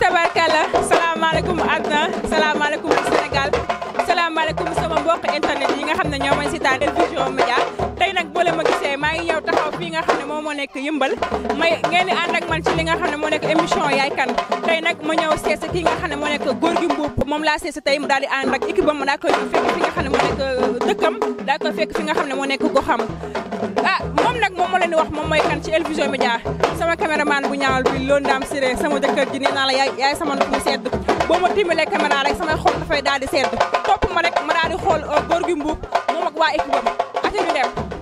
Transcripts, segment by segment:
tabarkalla salaamaaleykum àdduna salaamaaleykum Sénégal salaamaaleykum sama mbokk internet yi nga xam ne ñoo may seetaan El Vision tey nag boole ma gisee maa ngi ñëw taxaw fii nga xam ne moom moo nekk yëmbal may ngeen di ànd man ci li nga xam ne moo nekk émission yaay kan tey nag ma ñëw seesi kii moo nekk góor gi mbuub moom di ànd ak équipe am daa koy nga xam ne moo nekk euh, dëkkam daa koy fekk fi nga ah, wax moom mooy kan ci El Vision Médias sama caméraman bu ñaawal bi loolu daam siré sama jëkkër ji nee naa sama ndox mu sedd boo ma timalee caméra rek samay xol daal di sedd topp ma rek ma daal di xool euh, góor gi mbuub I Put it in there.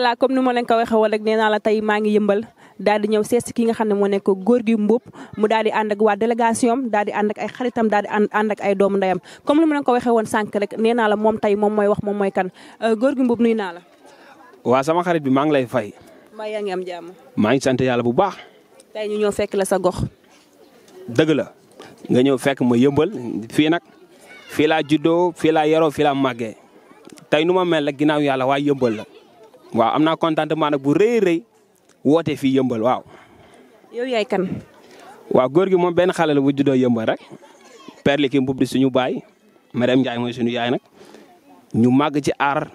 allah comme ni ma leen ko waxee woon rek nee tey maa ngi yëmbal daal di ñëw sees ki nga xam ne moo nekk góor gi Mboup mu daal di ak waa délégation daal di ànd ay xaritam daal di ànd ak ay doomu ndeyam comme ni ma ko waxee woon sànq rek nee moom tey moom mooy wax moom mooy kan euh, góor gi Mboup nuyu naa la. waa sama xarit bi maa ngi lay fay. mbaa yaa ngi am jàmm. maa ngi sant yàlla bu baax. tey ñu ñëw fekk la sa gox. dëgg la nga ñëw fekk ma yëmbal fii nag fii laa juddoo fii laa yaroo fii laa màggee tey nu ma mel rek ginaaw yàlla waaye yëmbal la waaw am naa contentement nag bu rëy rëy woote fii yëmbal waaw. yow yaay kan. waaw góor gi moom benn xale la bu juddoo yëmbal rek. perli ki mbub di suñu baay Mariam Ndiaye mooy suñu yaay nag ñu màgg ci aar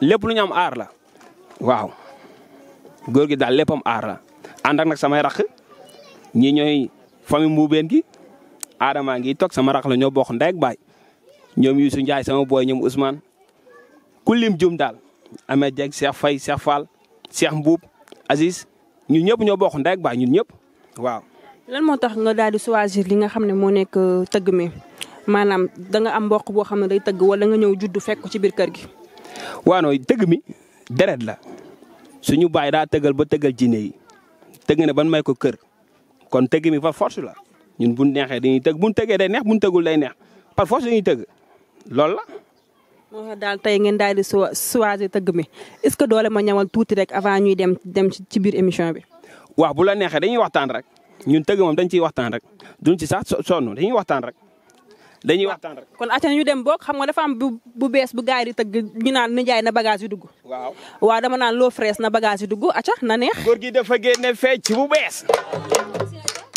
lépp luñu am aar la waaw góor gi daal léppam aar la ànd ak nag samay rakk ñi ñooy famille mbuubeen gi aadamaa ngi toog sama rakk la ñoo bokk ndey baay ñoom Youssou Ndiaye sama booy ñoom Ousmane ku lim jum daal. Ameth Dieng Cheikh fay seex Fall Cheikh Mbuub Aziz ñun ñëpp ñoo bokk ndey ak baay ñun ñëpp waaw. lan moo tax nga daal di choisir li nga xam ne moo nekk euh, tëgg mi maanaam da am mboq boo xam ne day tëgg wala nga ñëw juddu fekk ci biir kër gi. waaw non tëgg mi deret la suñu baay daa tëggal ba tëggal jinne yi tëgg ne ban may ko kër kon tëgg mi par force la ñun bu neexee dañuy tëgg bu ñu tëggee day neex bu ñu tëggul day neex par force dañuy tëgg loolu la. daal tey ngeen daal di choisir tëgg mi est ce que doole ma ñamal tuuti rek avant ñuy dem dem ci biir émission bi waaw bu la neexee dañuy waxtaan rek ñun tëgg moom dañ ciy waxtaan rek duñ ci sax sonn dañuy waxtaan rek dañuy waxtaan rek kon acca ñu dem bok, xam nga dafa am bu bu bu gaay di tëgg ñu naan nijaay na bagage yi dugg waaw waaw dama naan loo fraise na bagage yi dugg acca na neex góor gi dafa génne fecc bu bees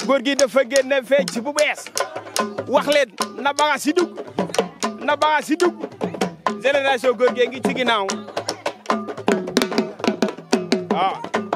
góor gi dafa fecc bu bes wax leen na bagage yi dugg na bagage dugg génération góor gi ngi ci ginnaaw waaw ah.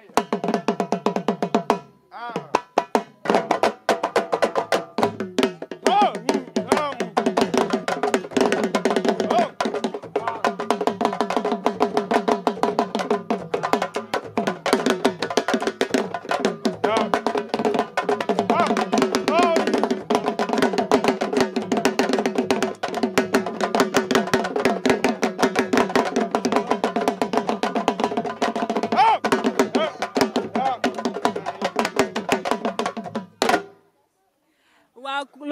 fire.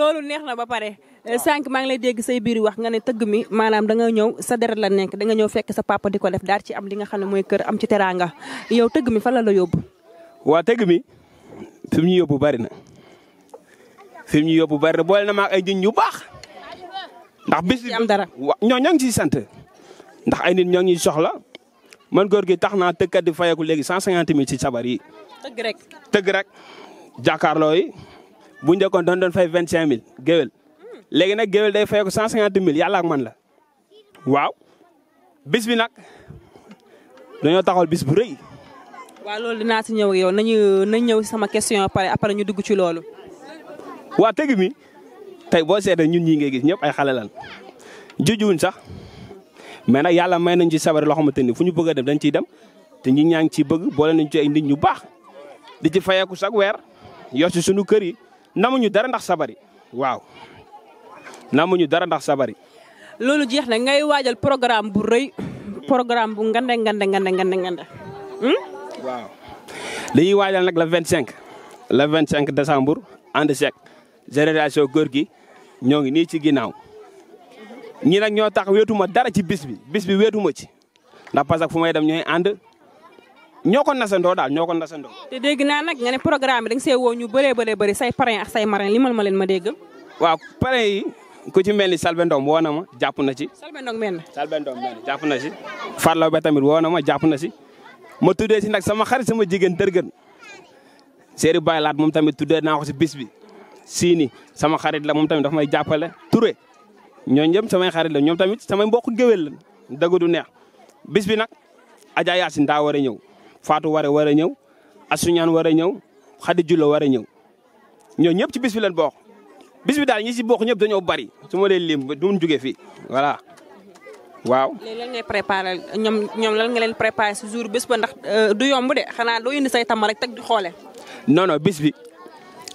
loolu neexna ba paré eh, sank ma ngi lay dégg say biir wax nga né teug mi manam da nga ñëw sa dér la nekk da nga ñëw fekk sa papa diko def daal ci am li nga xamné moy kër am ci teraanga yow teug mi fa la la yobbu wa teug mi fim ñu yobbu bari na fim ñu yobbu bari bool na ma ay nit yu bax ndax bis bi am dara ñoo ñang ci sante ndax ay nit ñoo ngi soxla man gor gi taxna naa tëggkat di fayeku léegi 150000 ci sabar yi. teug rek teug rek jakarlo yi bu njëkkoon doon doon fay vingt mille géwél léegi nag géwél day fay ko cent mille yàlla ak man la waaw bis bi nag dañoo taxawal bis bu rëy. waaw loolu dinaa si ñëw yow nañu nañ ñëw sama question pare après ñu dugg ci loolu. waa tëgg mi tey boo seetee ñun ñii ngay gis ñëpp ay xale lan jujuwuñ sax mais nag yàlla may nañ ci sabar loo xamante ni fu ñu bëgg a dem dañ ciy dem te ñi ñaa ngi bëgg boole nañ ci ay nit ñu baax di ci fayeeku weer yor ci sunu kër yi. na mu ñu dara ndax sabari waaw na namuñu dara ndax sabari loolu jeex na ngay waajal programme bu rëy programme bu ngande ngande ngande ngande ngande hmm? waaw li ñuy waajal nag le 25 le 25 décembre ànd sec génération góor gi ñoo ngi nii ci ginnaaw ñi nag ñoo tax wéetuma dara ci bis bi bis bi wéetuma ci ndax parce fu may dem ñooy ànd ñoo ko nasandoo daal ñoo ko nasandoo. te dégg naa na nga ne programme bi da nga see woo ñu bëree bëree bëri say parrain ak say marraine li mal ma leen ma dégg. waaw parrain yi ku ci mel ni Salbe Ndom woo na ma jàpp na ci. Salbe Ndom mel na Salbe Ndom mel na jàpp na ba tamit woo na ma jàpp na ci ma tuddee si nag sama xarit sama jigéen dërgën Seeri Baye Laat moom tamit tuddee naa ko ci bis bi. Siini sama xarit la moom tamit dafa may jàppale Touré ñooñ ñëpp samay xarit la ñoom tamit samay mbokk géwél la dëgg du neex bis bi nag Adja Yacine daa war a ñëw. Fatou Waré war a ñëw Asuñaan war a ñëw Xadi Jullo war a ñëw ñoo ñëpp ci bis bi leen bokk bis bi daal ñi si bokk ñëpp dañoo bari su ma leen lim du mu jógee fii voilà waaw. léegi lan ngay préparé ñoom ñoom lan leen préparé si jour bis ba ndax euh, du yomb de xanaa doo indi say tam rek teg di xoole. non non bis bi.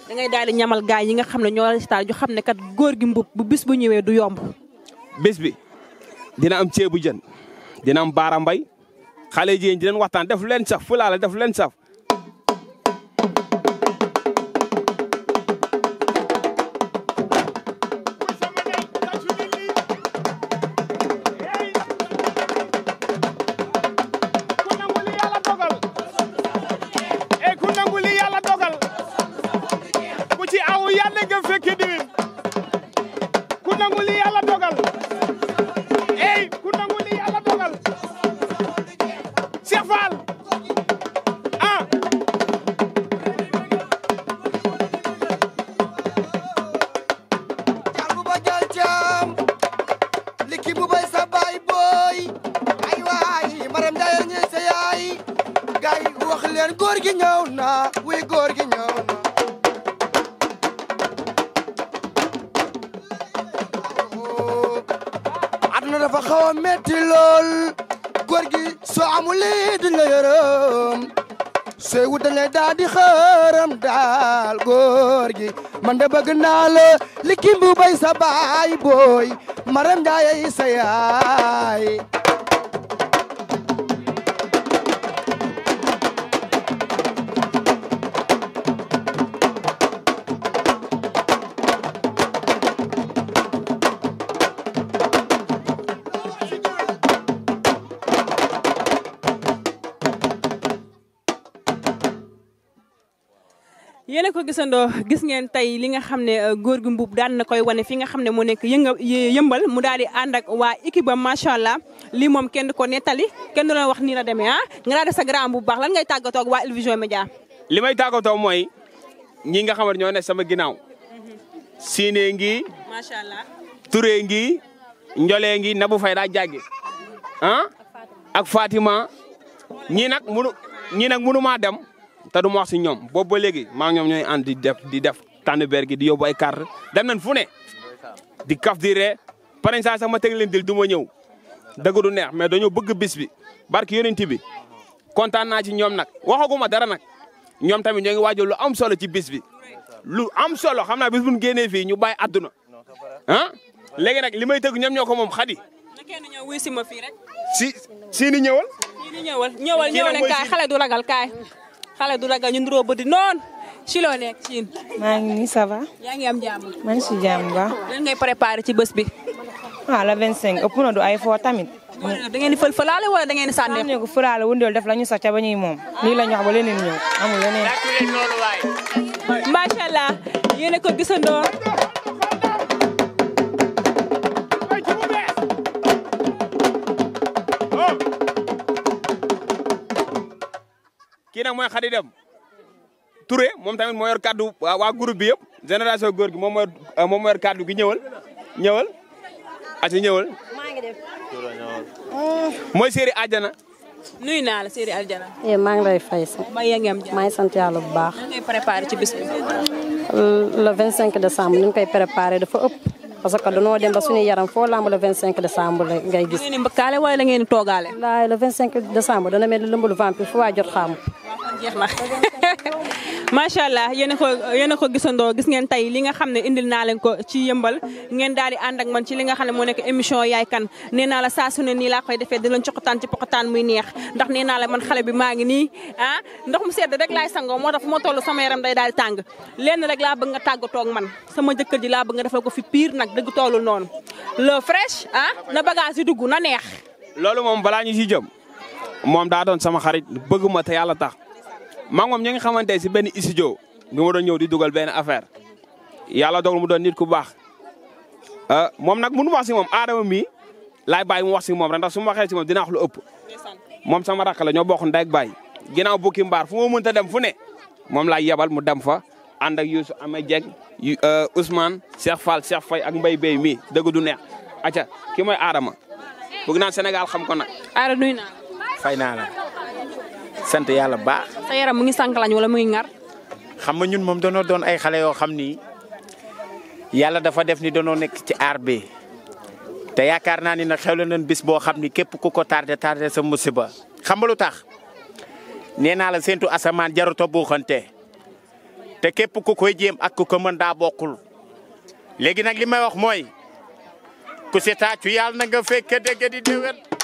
da ngay daal di ñamal gaay yi nga xam ne ñoo la si xam ne kat góor gi mbub bu bis bu ñëwee du yomb. bis bi dina am ceebu jën dina am baara mbay xale jigéen di leen waxtaan def leen saf fulaale def leen saf soo amul lii duñ la yërëm sooy wut dañ lay xërëm daal góor gi man de bëgg naa la li kimbu bay sa baay booy maram jaayay sa yaay yéen a ko gisandoo gis ngeen tey li nga xam ne euh, góor gi mbuub daan na koy wane fi nga xam ne mu nekk yënga yëmbal mu daal di ànd ak waa équipe ba macha allah lii moom kenn ko nettali kenn du la wax nii la demee ah nga daal di sa grand bu baax lan ngay tàggatoo ak waa El Vision Médias. li may ñi nga xam ñoo ne sama ginnaaw. Mhm. Siné ngi. macha allah Touré ngi. Njole ngi Nabou Faye daa jàggi ah ak Fatima ñii nag munu ñii nag munu maa dem. te du ma wax ñoom boobu ba léegi ma ngi ñoom ñooy ànd di def di def tànnber gi di yóbbu ay carte dem nañ fu ne di kaf di ree pare saa sax ma teg leen dil du ma ñëw dëgg du neex mais dañoo bëgg bis bi barke yonent bi kontaan naa ci ñoom nag waxaguma dara nag ñoom tamit ñoo ngi lu am solo ci bis bi lu am solo xam naa bis bu ñu génnee fii ñu bàyyi àdduna ah léegi nag li may tëgg ñoom ñoo ko moom xadi kenn ñëw wuy si ma fii rek si si ni ñëwal si ni ñëwal ñëwal ñëwal kaay xale du ragal kaay xale du ragal ñu nduróo bëti noonu ci loo nekk Chine. maa ngi nii ça va. yaa ngi am jàmm. maa ngi si jàmm ba. lan ngay ci bés bi. ah la 25 ëpp na du ay foo tamit. da ngeen di fël fëlaale wala da ngeen di sànni. xam ne fëlaale wundeel def la ñu sax ca ba ñuy moom. lii la ñu wax ba leneen ñëw amul leneen. macha allah ko gisandoo. Oh! kii nag mooy Khady Deme Touré moom tamit moo yor kaddu waa groupe bi yëpp génération góor gi moom moo yor moom moo yor kaddu gi ñëwal ñëwal ati ñëwal. maa ngi def. mooy séeri àjjana. nuyu naa la séeri àjjana. eh maa ngi lay fay sax. maa ngi am jàmm sant yàlla bu baax. ngay préparé ci bis bi. le 25 décembre ni ñu koy préparé dafa ëpp. parce que dañoo dem ba suñu yaram foo lamb le 25 décembre la ngay gis. ngeen di mbëkkaale wala ngeen le 25 décembre dana mel ni vampire fu waay jot jeex na macha allah yéen ko yene ko gissando giss ngeen tay li nga xamne ne indil na len ko ci yembal ngeen daali and ak man ci li nga xamne mo nek nekk émission yaay kan neena la sa sunu ni la koy defé di leen coxataan ci poxataan muy neex ndax neena la man xale bi maangi ni ah ndox mu sedd rek lay sango moo tax fu sama yaram day daal tang tàng lenn rek la bëgg nga tàggatoo ak man sama jëkkër ji la bëgg nga defal ko fi pire nak dëgg tollu non le fresh ah na bagage yi na neex loolu mom bala ñu ci jëm mom da doon sama xarit bëgguma te tax maa moom ñu ngi xamante si benn studio bi ma doon ñëw di dugal benn affaire yàlla dogal mu doon nit ku baax ah, moom nag mënu wax si moom aadama mi laay baay mu wax si moom rek ndax su ma waxee si moom dinaa wax lu ëpp moom sama rakk la ñoo bokk ndey baay baay ginnaaw bukki mbaar fu ma mënta dem fu ne moom laay yebal mu dem fa ànd ak Youssou Amé Dieng euh, Ousmane Cheikh Fall Cheikh Faye ak Mbaye Bey mi dëgg du neex acca ki moy aadama bëgg naa Sénégal xam ko nag aara nuyu naa fay naa la sant yàlla baax. sa yaram mu ngi sànq lañ mu ngi ŋar. xam nga ñun moom danoo doon ay xale yoo xam ni yàlla dafa def ni danoo nekk ci aar bi te yaakaar naa ni nag xewle na bis boo xam ni képp ku ko tardé tarde sa musiba. xam nga lu tax nee naa la séntu asamaan jaruta buuxante te képp ku ko jéem ak ku ko mën daa bokkul léegi nag li may wax mooy ku si taacu yàlla na nga fekk dégg di déwén.